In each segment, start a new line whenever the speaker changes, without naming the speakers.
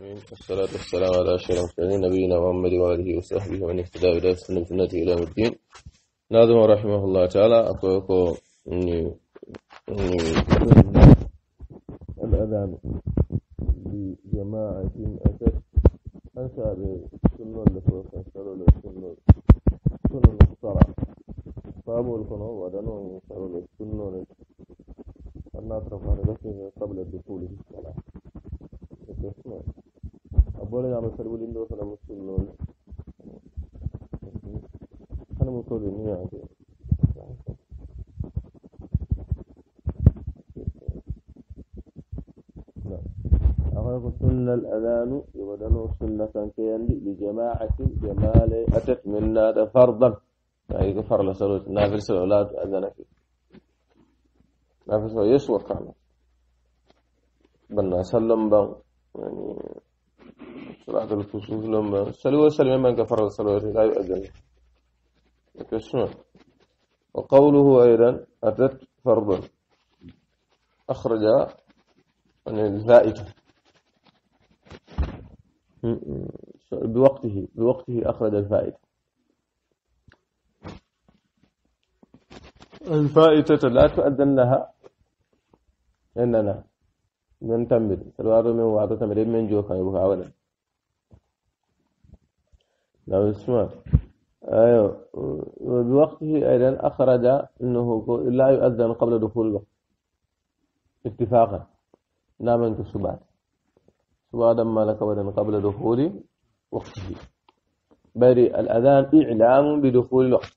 آمين والصلاة والسلام على أشهر المرسلين نبينا محمد وآله وصحبه ومن اهتدى إلى سنة سنته إلى الدين ناظم رحمه الله تعالى أقول لكم الأذان لجماعة أتت أنسى بسنة لفوق أنسى لسنة سنة مختارة فأبو القنوة ودنوا أنسى لسنة الناس رفعنا قبل الدخول في الصلاة বলে আমরা সর্বলিন্দ মুসলিম লোন অনুমোদন নিয়ে আছে أخرج سنة الأذان يبدن سنة كيان لجماعة جمال أتت منا فرضا أي كفر لسلوت نافل سلولات أذن في نافل سلولات يسوى كان بنا سلم بان يعني بعد الفصول لما سلوى سلمى من كفر الصلاة لا يؤذن كسوة وقوله أيضا أتت فرضا أخرج عن الزائد بوقته بوقته أخرج الفائد الفائتة لا تؤذن لها إننا من تمر saɗa من men تمر من جو jo kayo buka awaɗa now smart ayo وبوقته أيضا أخرج أنه لا يؤذن قبل دخول الوقت اتفاقا نعم أنك سبات سبات ما لك ودن قبل دخول وقته بري الأذان إعلام بدخول الوقت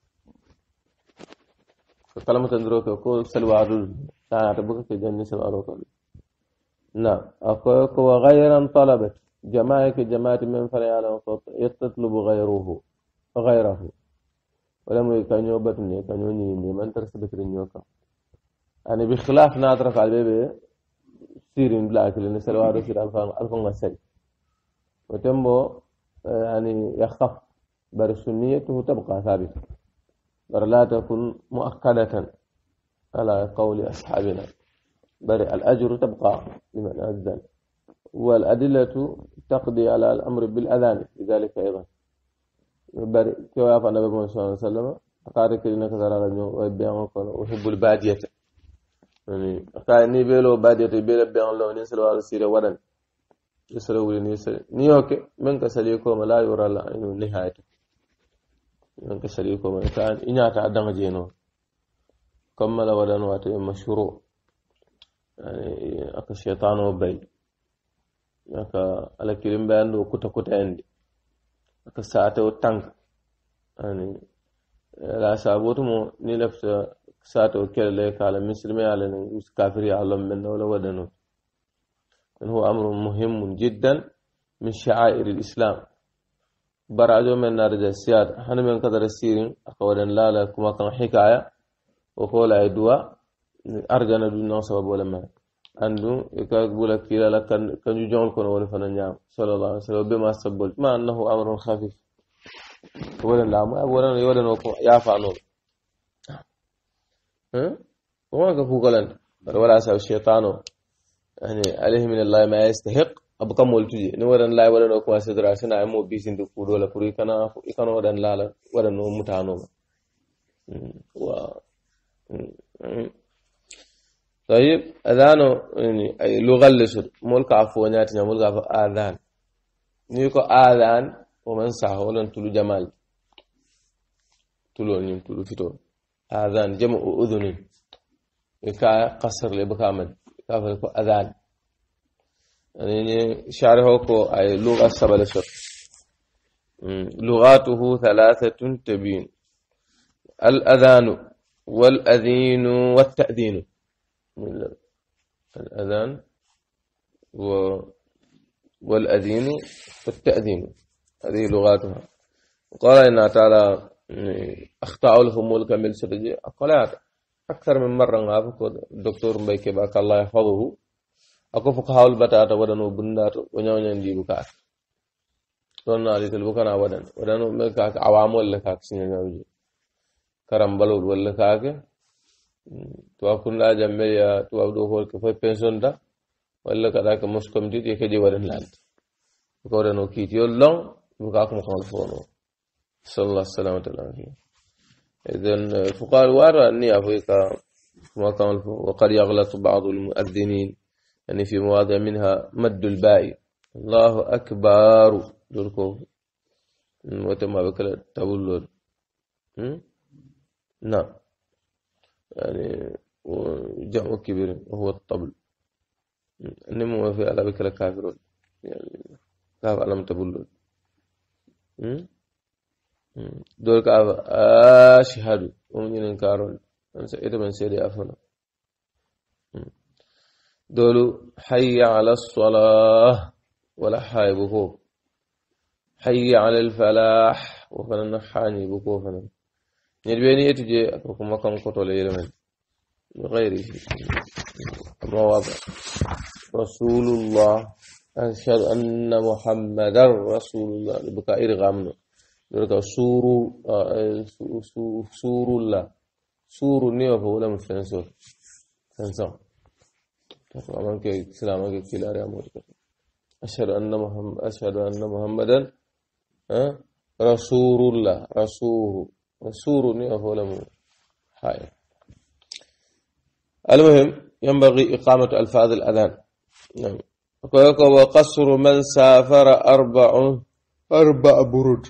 فكلمة تندروك وكل سلوى عدود تعالى تبقى في جنة سلوى نعم أقولك وغيرا طلبت جماعة كجماعة من صوت يستطلب غيره غيره ولم يكن يوبتني كان يوني من ترسبت رنيوكا يعني بخلاف ناطرف على البيبي سيرين بلاك لأن سلوار سير ألفان غسل وتمبو يعني يخف برسنيته تبقى ثابتة بل لا تكون مؤكدة على قول أصحابنا بل الأجر تبقى لمن أذن والأدلة تقضي على الأمر بالأذان لذلك أيضا بل كيف أن النبي صلى الله عليه وسلم قال كلنا كثر أحب البادية يعني قال ني بيلو بادية بيلو بيان لو نسل السيرة ودن يسر ولي نسر نيوك من كسليكم لا يرى العين نهاية من كسليكم كان إناتا دمجينو كمل ودن واتي مشروع يعني أك الشيطان وبي أك على كلمة عنده كتة كتة عندي أك الساعة وتانك يعني لا سابوت مو نلفت ساعة وكل لك على مصر ما على نجس كافر يعلم منه ولا ودنه إنه أمر مهم جدا من شعائر الإسلام برعجو من نرجع السياد حنا من قدر السيرين أقول لا لا كما كان حكاية وقول أي دواء argana du non sababu wala ma andu ka bula kila la kan kan ju jongol kono wala fana nyaam sallallahu alaihi wasallam be ma sabbol ma annahu amrun khafif wala la ma wala no wala no ko ya fa no ها وما كفو قلن ولا سو الشيطان يعني عليه من الله ما يستحق أبقى مولتجي نورا لا ولا نوكما سدرا سنا أمو بيسين دكور ولا كوري كنا إكنا ورن لا ولا نو متانو و طيب أذانو يعني لغة لسر ملك عفوناتنا ملك عفو آذان نيكو آذان ومن صح ولن تلو جمال تلو نيم تلو فتو آذان جمع أذن يكا قصر بكامل كافر أذان يعني شعره كو أي لغة سبع لسر لغاته ثلاثة تبين الأذان والأذين والتأذين من الأذان والأذين والتأذين هذه لغاتها وقال إن تعالى يعني أخطأوا لهم ملكا من سرجي أقول أكثر من مرة غافك الدكتور مبيك باك الله يحفظه أكو فقهاء البتاتا ودنو بندات ونيو نيندي بكات تون علي تلبكنا ودن ودنو ملكاك عوام ولا كاك سنين كرم بلود ولا كاك tubakunɗa jambeya tubabu ɗo hoore ke foye pensonta walla kaɗa ka moscomtiɗ e keje waɗen laalde kawɗano kiitiyol long buka kuma kamal fono sallallahu alaihi wasallam idan fuqar wara ni afika kuma kamal fono wa qad yaghlatu ba'd al mu'adhdhinin yani fi mawadi' minha madd al ba'i الله أكبر دوركو وتما بكلا تبولون نعم يعني وجمع كبير وهو الطبل نمو في على بكرة كافرون يعني كاف ألم تبلون دول كاف أشهد ومن ينكارون أنسى من سيد أفنى دول حي على الصلاة ولا حي بكوف حي على الفلاح وفنن حاني بكوفنا نربيني اتجي أكوكم مكان كتول يرمين بغيره مواضع رسول الله أشهد أن محمد رسول الله بكائر غامن ذلك سور آه، سور الله سور نيو فولا من سنسور سنسور أمانك سلامك كلا ريا مورك أشهد أن محمد أشهد أن محمدا آه، رسول الله رسول سور يفولم حائط المهم ينبغي إقامة ألفاظ الأذان نعم وقصر من سافر أربع أربع برد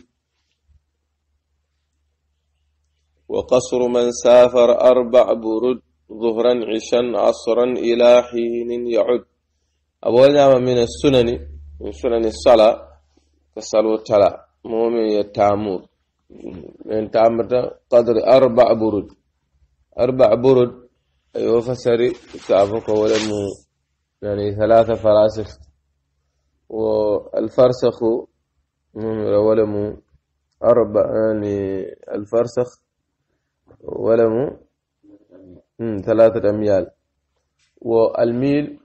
وقصر من سافر أربع برد ظهرا عشا عصرا إلى حين يعد أبو نعم من السنن من سنن الصلاة تلا مؤمن التامور من تعمرت قدر أربع برد أربع برد أيوة فسري تعرفك ولم يعني ثلاثة فراسخ والفرسخ ولم أربع يعني الفرسخ ولم ثلاثة أميال والميل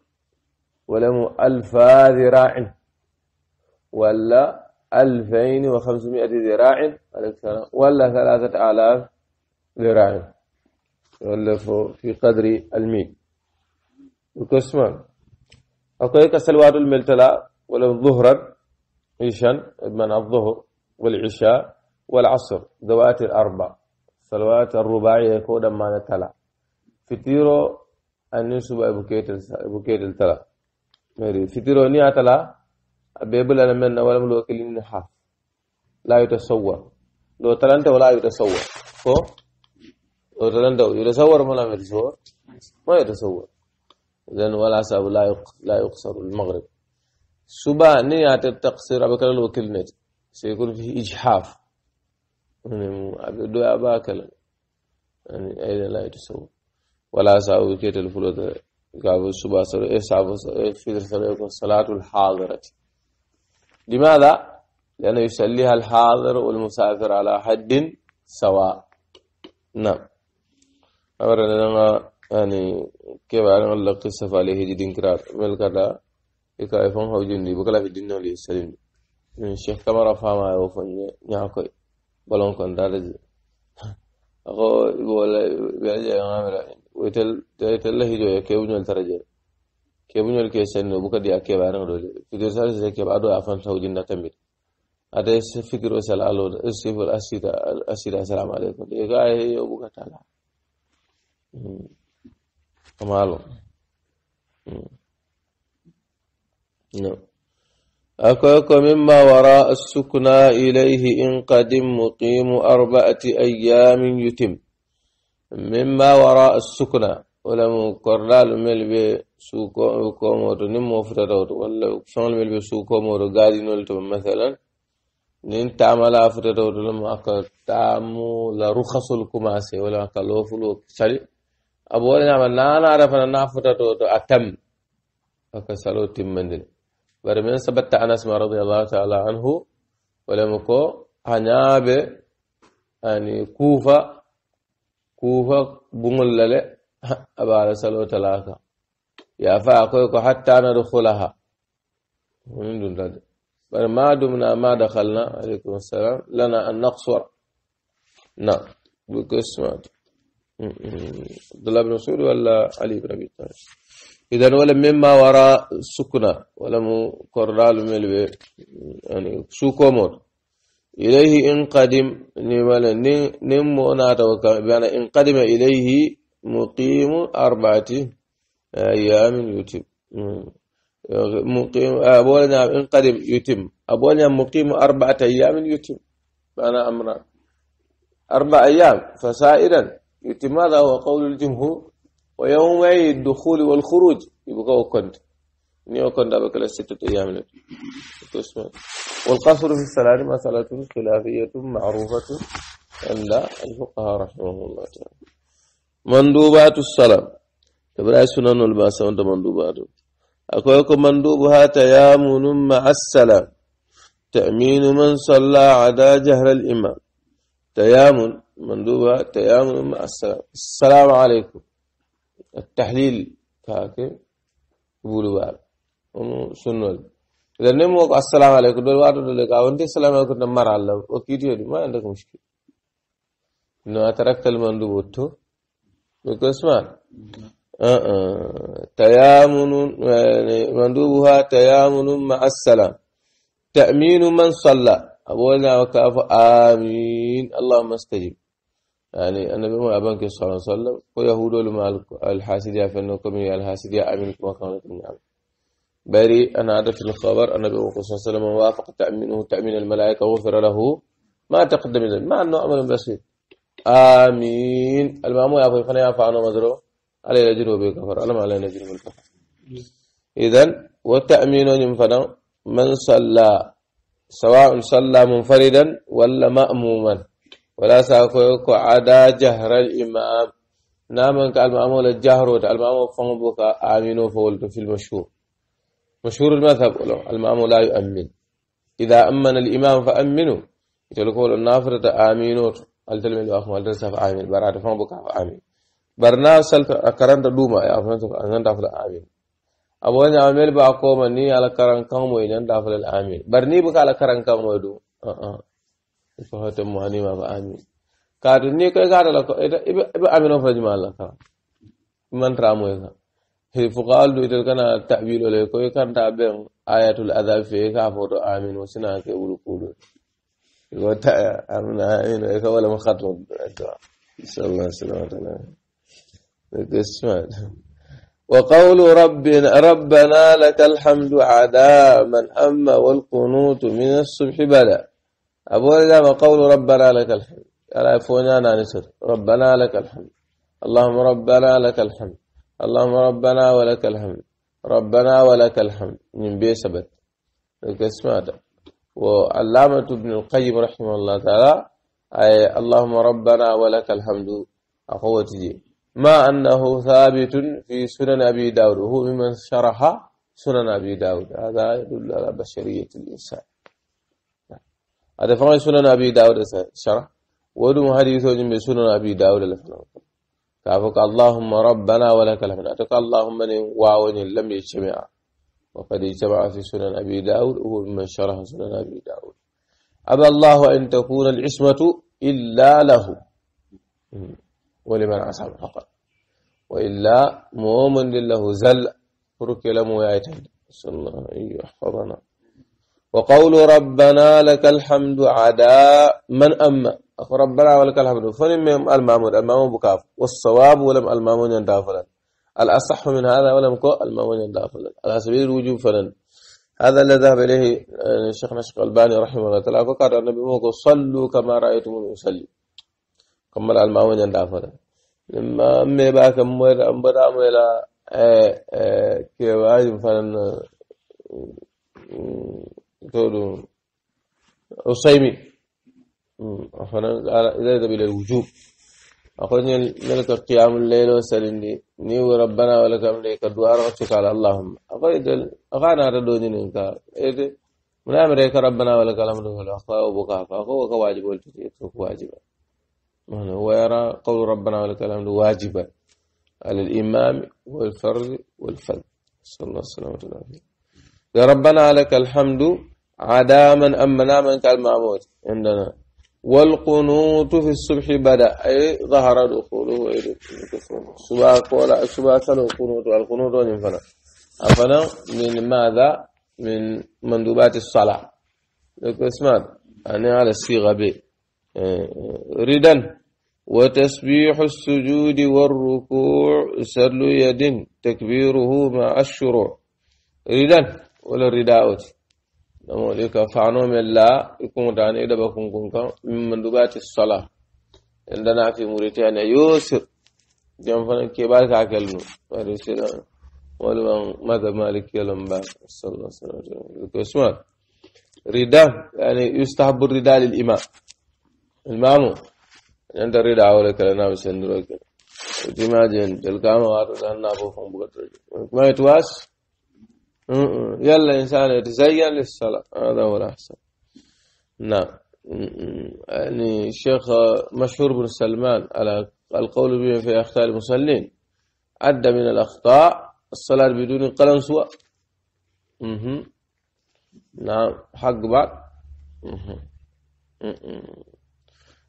ولم ألف ذراع ولا ألفين وخمسمائة ذراع ولا ثلاثة آلاف ذراع يؤلف في قدر الميل القسمان أقول سلوات الملتلاء ولو ظهرا عشان من الظهر والعشاء والعصر ذوات الأربع صلوات الرباعية كودا ما نتلا تيرو أن ينسب أبو كيتل تلا فتيرو نيا تلا بيبل انا من ولا ملو الوكيلين نحا لا يتصور لو تلنت ولا يتصور هو لو تلنت يتصور ولا ما يتصور ما يتصور اذا ولا سبب لا يق... لا يقصر المغرب سبا نيات التقصير أبكر الوكيل نت سيكون فيه إجحاف دو أبا كلام يعني أيضا لا يتصور ولا سبب كيت الفلوت قابل سبا سر إيه سبب إيه سر يكون صلاة الحاضرة لماذا؟ لأنه يسليها الحاضر والمسافر على حد سواء نعم أمرنا لنا يعني كيف أنا الله قصة عليه جدين كرار ملك هذا يكافون هو جندي بكلا في الدنيا لي سليم من الشيخ كما رفع ما يوفن نعكوي بلون كون دارج أخو يقول بيعجي يعني. أنا ويتل تل جوية كيف يكيبون الترجل kebuñol ke senno buka di a keɓaraŋo ɗo fitir salsise keɓa aɗo a fan tawjinna kambit ada fikiro sal alo sifol asida asida assalamu aleykum e ga yo buka tala amalo أكوك مما وراء السكنى إليه إن قدم مقيم أربعة أيام يتم مما وراء السكنى ولم كورلال مل بي سوكو كومو تو نيم مفتا تو ولا فون مل بي سوكو مو تو غادي نول تو مثلا نين تعمل افتا تو لما تعمو لا رخص الكماسي ولا كلوفلو سالي ابو ولا نعمل نانا عرفنا نافتا تو اتم اكسلو تمندل برمن سبت انس رضي الله تعالى عنه ولم كو هنابه يعني كوفه كوفه بوملله abara سلو تلاكا يا fa حتى ندخلها hatta na dukhulaha mun dun da bar ma dumna ma dakhalna alaikum عبد الله بن مسعود ولا علي بن ابي طالب اذا ولم مما وراء سكنة ولم كرال ملبي يعني سوكو موت اليه ان قدم نمونا توكا بان ان قدم اليه مقيم أربعة آه، أيام يتم مقيم آه، أبونا نعم، إن قدم يتم أبونا مقيم أربعة أيام يتم أنا أمر أربع أيام فسائرا يتم هذا هو قول الجمهور ويومي الدخول والخروج يبقى وكنت نيو كنت بكلا ستة أيام والقصر في الصلاة مسألة خلافية معروفة عند الفقهاء رحمه الله تعالى mandubatu salam ibrahim sunanol ma sawonta mandubatu akoy ko mandubu ha tayamunum maa assalam taminu man salla ada jahra al imam tayamun مندوبة تيامن مع السلام السلام عليكم التحليل كاك بولو بار سنول إذا نمو السلام عليكم دول وارد دول كاون تي السلام عليكم نمر على وكيتي ما عندك مشكلة إنه تركت المندوب وتو بالكسوان تيامن مندوبها تيامن مع السلام تأمين من صلى أبونا وكاف آمين اللهم استجب يعني أنا محمد أبانك صلى الله عليه وسلم ويهود لما الحاسدية فإنكم يا الحاسدية آمين كما كانت من عمل بري أنا عرفت الخبر أنا النبي صلى الله عليه وسلم وافق تأمينه تأمين الملائكة وغفر له ما تقدم ما أنه أمر بسيط آمين المامو يا أخوي فنيا فعنا مزرو على جنوب الكفر ألم على جنوب والكفر إذن والتأمين ينفنا من صلى سواء صلى منفردا ولا مأموما ولا ساكوكو عدا جهر الإمام نامن كالمأمو للجهر المأمو فنبك آمين فولد في المشهور مشهور المذهب المأمو لا يؤمن إذا أمن الإمام فأمنوا يتلقوا النافرة آمينوت altol min ɗo alta safa amin barata fan bo kafa amin barna salta a karanta ɗuma ananta fula amin abo ñamel ba koma ni ala karan kanmo e nanta fulal amin bar ni boka ala karan kanmo e ɗum ko hotemmo hanima fa amin kaatu ni koye katala ɓe amino fajuma allah kara mantramoye ka hedi fukahal du itel kana tawilole koye kanta ɓen ayatul adab fe ka foto amin wo sina ke ɓulu يقول تعالوا هنا ولا من خطوة نسأل الله السلامة والعافية وقول ربنا ربنا لك الحمد من أما والقنوت من الصبح بدا أبونا دام قول ربنا لك الحمد ألا أنا نسر ربنا لك الحمد اللهم ربنا لك الحمد اللهم ربنا ولك الحمد ربنا ولك الحمد من بيسبت لك اسمعتك وعلامة ابن القيم رحمه الله تعالى أي اللهم ربنا ولك الحمد أخوتي ما أنه ثابت في سنن أبي داود هو ممن شرح سنن أبي داود هذا يدل على بشرية الإنسان هذا فما سنن أبي داود شرح ودم حديث وجم سنن أبي داود كافك اللهم ربنا ولك الحمد أتك اللهم واو لم يجتمع وقد اجتمع في سنن أبي داود وهو ممن شرح سنن أبي داود أبى الله أن تكون العصمة إلا له ولمن عصم فقط وإلا مؤمن لله زل ترك لم يأتي صلى الله عليه يحفظنا وقول ربنا لك الحمد عدا من أما ربنا ولك الحمد فلم المامون المامون بكاف والصواب ولم المامون ينتهى الأصح من هذا ولم يقل المؤمن لا فضل على سبيل الوجوب فلن هذا الذي ذهب إليه آه، الشيخ نشق الباني رحمه الله تعالى فقال النبي موقع صلوا كما رأيتم أصلي كما رأى المؤمن الداخل لما أمي باك أمبر أمبر أمبر آه، آه، كيواج فلن تقول عصيمي فلن إذا ذهب إلى الوجوب أقول نلك قيام الليل وسلني نيو ربنا ولك أمري كدوار وشك على اللهم أقول دل أغانا ردوني ننكا إيه من أمريك ربنا ولك الحمد والأخ وبكاء فهو كواجب والتي واجبا هو يرى قول ربنا ولك الحمد واجبا على الإمام والفرد والفذ صلى الله عليه وسلم يا ربنا لك الحمد عداما أما ناما كالمعمود عندنا والقنوت في الصبح بدا اي ظهر دخوله الى صباح قول صباح القنوت والقنوت فلا افلا من ماذا من مندوبات الصلاه لك اسمع انا على الصيغه ب ردا وتسبيح السجود والركوع سل يد تكبيره مع الشروع ردا ولا الرداءات namoli ka fano men la ikuŋutani i daba kunkun kan min mandugati sola eldana fi muritania yosir jam fana kebar ka kelnu bari sila wali ban mada maliki yalon ba sallallahu alaihi wasallam usman rida yani yustahabu rida lil imam imamu yanda rida wala kala na bisandro kala timajin dalkama wato dan na bofon bugatroje kuma it was يلا الإنسان يتزين للصلاة هذا هو الأحسن نعم يعني شيخ مشهور بن سلمان على القول به في أخطاء المصلين عد من الأخطاء الصلاة بدون قلم سوى نعم حق بعض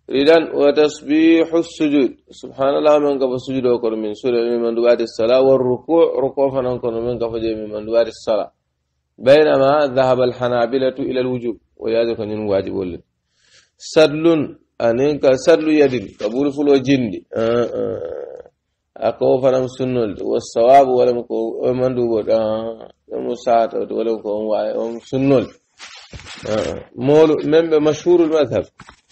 إذن وتسبيح السجود سبحان الله من قبل السجود وكر من سورة من دوار الصلاة والركوع ركوع فننكر من قبل من دوار الصلاة بينما ذهب الحنابلة إلى الوجوب ويادك أن واجب ولد سدل أنك سدل يدل قبول فلو جند آه، آه. أكو فنم سنل والصواب ولم كو من دوار آه. مساعد ولم كو سنل آه، مول من مشهور المذهب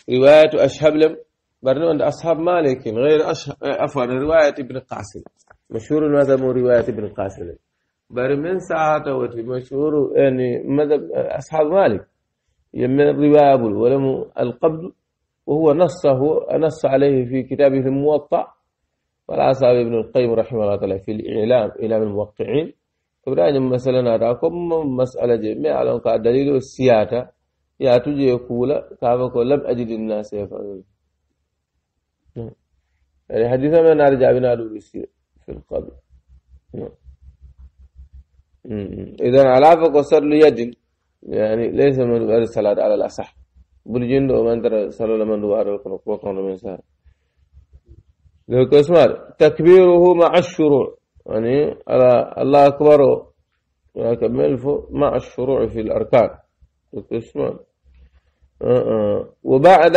رواية لم برنو عند أصحاب مالك غير أش آه، عفوا رواية ابن قاسم مشهور مذهب رواية ابن قاسم بر من ساعة وتي مشهور يعني مذهب آه، أصحاب مالك يمن يعني الرواية أبو ولم القبض وهو نصه نص عليه في كتابه الموطأ والعصاب ابن القيم رحمه الله تعالى في الإعلام إعلام الموقعين فبرأي يعني مثلا أراكم مسألة جميع على دليل السيادة يا تجي يقول كابك لم أجد الناس يفعلون يعني حديثا ما نرجع بنا في القبر إذن على فك ليد يعني ليس من غير الصلاة على الأصح برجند ومن ترى صلى الله من دوار وقرن من سهل لو كسمار تكبيره مع الشروع يعني على الله أكبر ويكمل مع الشروع في الأركان تسمع آه. وبعد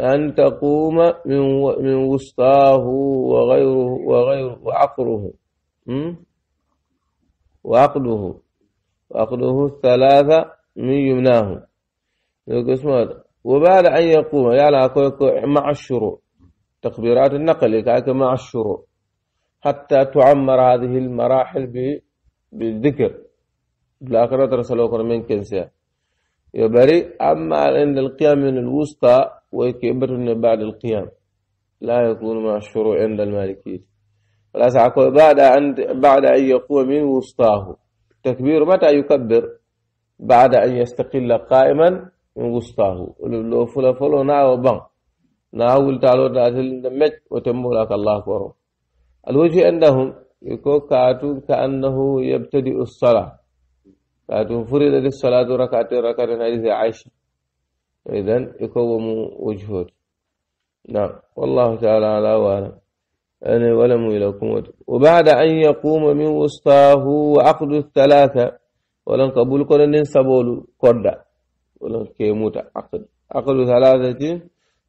أن تقوم من من وسطاه وغيره وغيره وعقره وعقله وعقله الثلاثة من يمناه وبعد أن يقوم يعني مع الشروع تقبيرات النقل كاك مع الشروع حتى تعمر هذه المراحل بالذكر بالآخرة رسلوكم من كنسيه يبري أما عند القيام من الوسطى ويكبرن بعد القيام لا يكون مع الشروع عند المالكية ولا بعد أن بعد أن يقوم من وسطاه تكبير متى يكبر بعد أن يستقل قائما من وسطاه لو فلا فلو نا وبن نا ولتالو داتل دمج وتمولك الله أكبر الوجه عندهم يكون كأنه يبتدئ الصلاة لكن فرضت الصلاة ركعتين ركعتين حديث عائشة إذن يقوم وجهود نعم والله تعالى على وأعلم أنا ولم إلى وبعد أن يقوم من وسطاه وعقد الثلاثة ولن قبول قرن ننسبول قرد ولن كيموت عقد عقد الثلاثة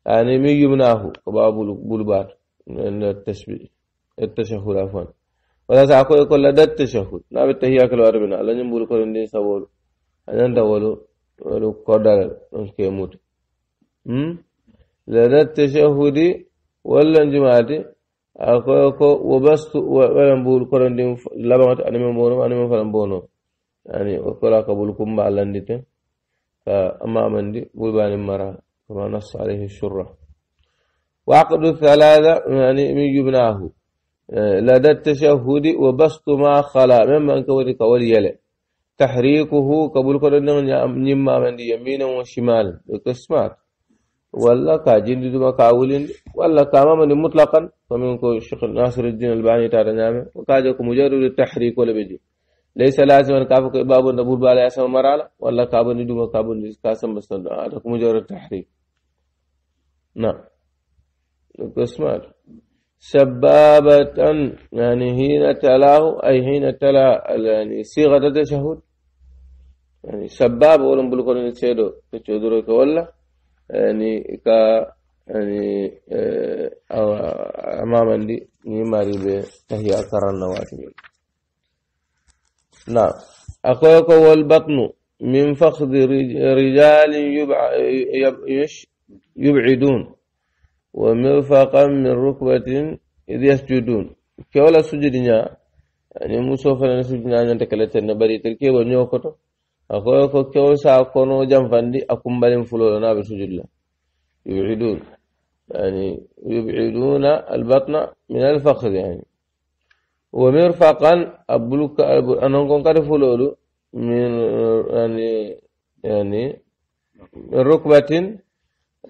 يعني من يمناه قباب البلبات من التشبيه التشهر عفوا wala sa ko ko la datte shahud na be tahiya kal warbina ala nyum bul ko ndi sawol anan dawolu wolu ko dal don ke mut hmm la datte shahudi wala jumaati ako ko wabastu wala bul ko ndi labamata anima bono anima falam bono يعني وكلا قبول كم علندته فأما من دي بلبان المرأة كما نص عليه الشرة وعقد الثلاثة يعني من يبناه لدى التشهد وبسط ما خلا مما كوري كوري يلي تحريكه قبول كرن نيما من يمين وشمال كسمات ولا كاجين دوما كاولين ولا كاما من مطلقا فمن الشيخ ناصر الدين الباني تعالى نعمه وكاجك مجرد التحريك ولا بيجي ليس لازم ان كافك باب النبور بالا اسم مرالا ولا كابن دوما كابن كاسم بس هذا مجرد التحريك نعم كسمات سبابة يعني حين تلاه أي حين تلا يعني صيغة التشهد يعني سباب ولم بلغون نسيدو تشهدو ولا يعني كا يعني آه، أو أمام دي نيماري بتهيا كرنا واتمين نعم أقولك والبطن من فخذ رجال يبع يبعدون ومرفقا من ركبة إذ يسجدون كولا سجدنا يعني موسى فلان سجدنا أن تكلت النبري تركي ونيوكتو أقول لك كولا سا كونو جنفاندي أكم بالين فلو لنا بسجد الله يبعدون يعني يبعدون البطن من الفخذ يعني ومرفقا أبلوك أنهم كان فلولو من يعني يعني من ركبة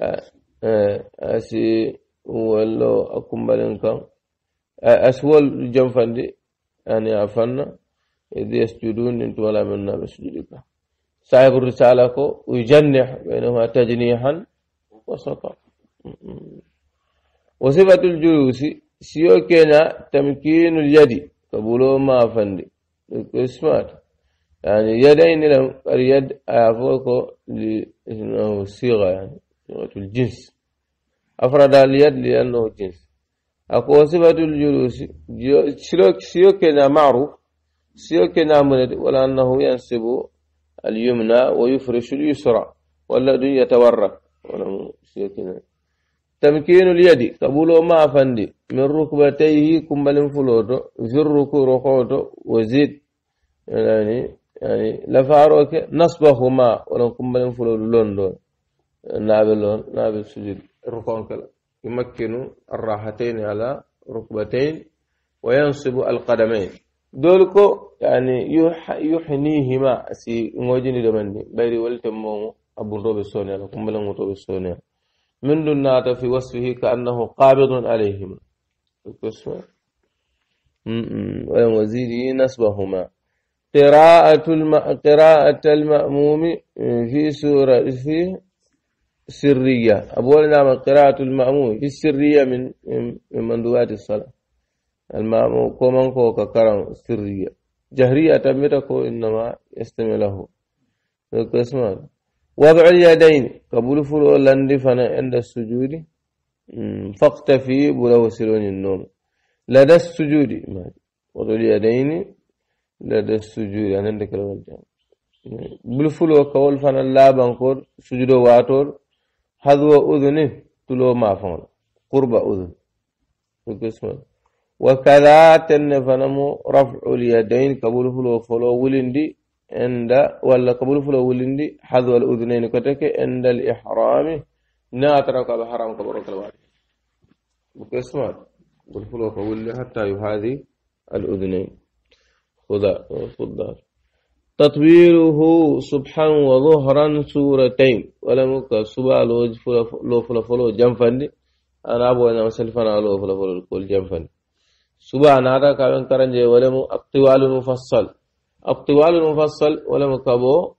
آه، asi wallo a kumbalen kan asi wol janfandi ani a fanna إذ يسجدون إن ولا منا بسجودك صاحب الرسالة كو يجنح بينهما تجنيحا وسطا وصفة الجلوس سيو كينا تمكين اليد قبولو ما فندي اسمات يعني يدين لم اليد أعفوكو لأنه صيغة يعني صفة الجنس أفراد اليد لأنه جنس أقول صفة الجلوس سيوك سيوكنا معروف سيوكنا مند ولا أنه ينسب اليمنى ويفرش اليسرى والذي يتورك ولا سيوكنا تمكين اليد قبول ما فندي من ركبتيه كمبل فلوتو زر الركوع ركوتو وزيد يعني يعني لفاروك نصبهما ولو كمبل فلوتو لندن نابل لون نابل سجود الركوع كلا يمكن الراحتين على ركبتين وينصب القدمين دولكو يعني يح يحنيهما سي موجني دمني بيري ولتمو أبو روب السونيا لكم بلن موتوب السونيا من دون في وصفه كأنه قابض عليهما القسمة ويزيد نسبهما قراءة الم... قراءة المأموم في سورة في سرية أبوال نعم القراءة المأموم في السرية من من مندوبات الصلاة المأموم كومن كو ككرم سرية جهرية تمتكو إنما يستمع له القسمة وضع اليدين قبول فلو لندفنا عند السجود فاقتفي بلو سلون النوم لدى السجود وضع اليدين لدى السجود يعني عندك الوجه بلفلو كول فانا لا بنكور سجود واتور هذو أذنه تلو ما فعل قرب أذن بقسم وكذا تنفنمو رفع اليدين قبول فلو فلو ولندي عند ولا قبول فلو ولندي حذو الأذنين كتك عند الإحرام ناترك الحرام قبول كالواري بقسم قبول فلو فلو حتى يهذي الأذنين خذ خذ تطويره سبحان وظهرا سورتين ولم كسبا لو فلفلو جنفني أنا أبو أنا مسلفنا لو فلو كل جنفني سبا نادا كامن كرنجي ولم اقتوال مفصل اقتوال مفصل ولم كبو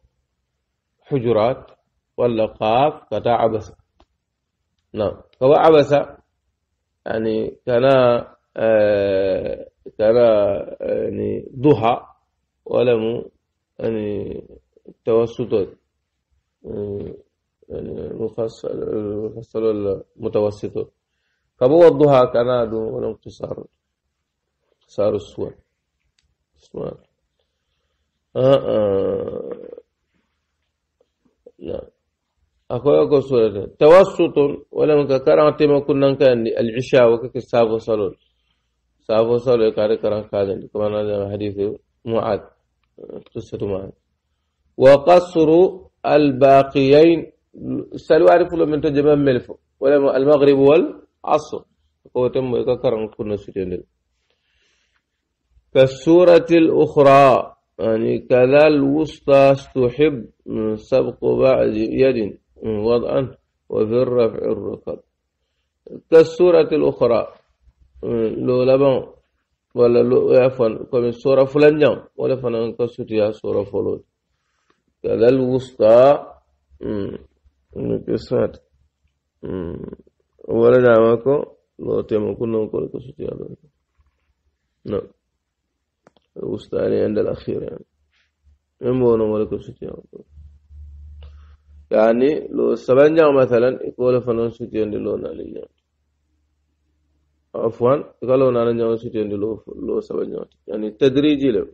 حجرات ولا قاف كتا عبس نعم كبو عبس يعني كان آه كان آه، يعني ضحى ولم يعني التوسطات يعني المفصل ولا متوسطات الضحى وضحها كناد والانقصار اختصار السور الصور اسمع آه آه. أخويا أكو سورة توسط ولا من أنت ما كنا كان العشاء وكك سافو صلول سافو صلول كاري كرام كادن كما هذا حديث معاذ قصة معا وقصر الباقيين سلو عارف أنت جمال ملفو ولما المغرب والعصر هو قوتم وكرم كنا سجن كالسورة الأخرى يعني كذا الوسطى استحب سبق بعد يد وضعا وفي الرفع الركب كالسورة الأخرى لو لبن walla yafan komin sora fulanjaŋ wole fanaŋ ka sutiya sora folo kadal wusta kisat wala dama ko lo temako non kole ka sutiya ɗo no wustani inde l akhir yani min bono wole ka sutiya ɗo yani lo sabanjaŋ mathalan ikole fanaŋ sutiyandi lo nalijaŋ عفوا قالوا نانا نيو سيتي لو لو سبع يعني تدريجي له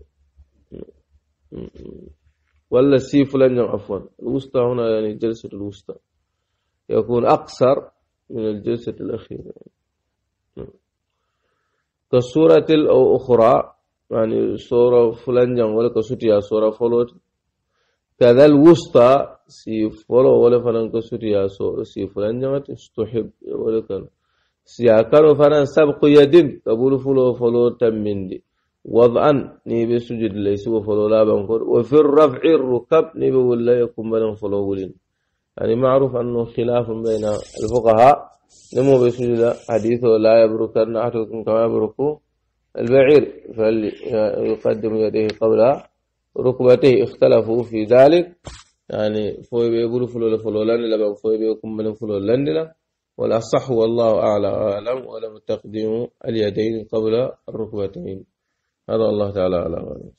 ولا سي فلان عفوا الوسطى هنا يعني جلسة الوسطى يكون أقصر من الجلسة الأخيرة كسورة أو أخرى يعني سورة فلان ولا كسوتيا سورة فلوت كذا الوسطى سي فلو ولا فلان كسوتيا سي فلان استحب ولا كان siyakaro fana سبق يدين تبول فلو فلو تمندي وضعا نيبي سجد ليس وفلو لابن folo وفي الرفع الركب نيبي ولا يكون بلن فلو wala يعني معروف أنه خلاف بين الفقهاء نمو بسجد حديثه لا يبرك أحدكم كما يبرك البعير فليقدم يديه قبل ركبته اختلفوا في ذلك يعني فوي بيقولوا لفلو فلولان لبن فوي بيقوم بلن فلولان لبن والأصح والله أعلى أعلم ولم تقدم اليدين قبل الركبتين هذا الله تعالى أعلم